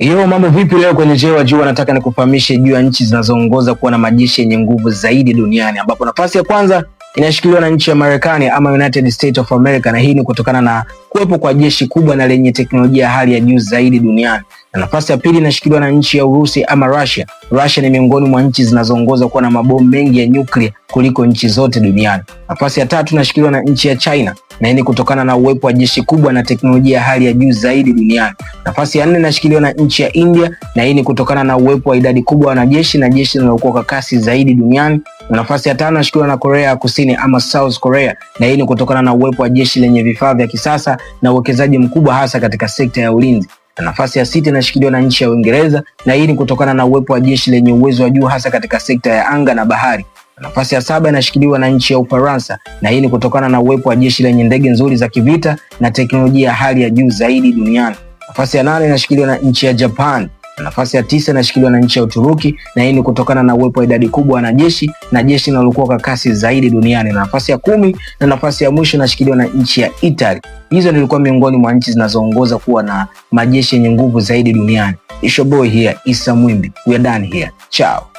Yo, mambo vipi? Leo kwenye Chewa Juu nataka nikufahamishe juu ya nchi zinazoongoza kuwa na majeshi yenye nguvu zaidi duniani, ambapo nafasi ya kwanza inashikiliwa na nchi ya Marekani ama United States of America, na hii ni kutokana na kuwepo kwa jeshi kubwa na lenye teknolojia ya hali ya juu zaidi duniani. Na nafasi ya pili inashikiliwa na nchi ya Urusi ama Russia. Russia ni miongoni mwa nchi zinazoongoza kuwa na mabomu mengi ya nyuklia kuliko nchi zote duniani. Nafasi ya tatu inashikiliwa na nchi ya China na hii ni kutokana na uwepo wa jeshi kubwa na teknolojia ya hali ya juu zaidi duniani. Nafasi ya nne inashikiliwa na nchi ya India, na hii ni kutokana na uwepo wa idadi kubwa ya wanajeshi na jeshi linalokuwa kwa kasi zaidi duniani. Na nafasi ya tano inashikiliwa na Korea ya Kusini ama South Korea, na hii ni kutokana na uwepo wa jeshi lenye vifaa vya kisasa na uwekezaji mkubwa hasa katika sekta ya ulinzi. Na nafasi ya sita inashikiliwa na nchi ya Uingereza na hii ni kutokana na uwepo wa jeshi lenye uwezo wa juu hasa katika sekta ya anga na bahari. Nafasi ya saba inashikiliwa na nchi ya Ufaransa, na hii ni kutokana na uwepo wa jeshi lenye ndege nzuri za kivita na teknolojia ya hali ya juu zaidi duniani. Nafasi ya nane inashikiliwa na nchi ya Japan na nafasi ya tisa inashikiliwa na nchi ya Uturuki, na hii ni kutokana na uwepo wa idadi kubwa wanajeshi na jeshi linalokuwa kwa kasi zaidi duniani. Na nafasi ya kumi na nafasi ya mwisho inashikiliwa na nchi ya Italy. Hizo nilikuwa miongoni mwa nchi zinazoongoza kuwa na majeshi yenye nguvu zaidi duniani. It's boy here, Issa Mwimbi. We are done here. Ciao.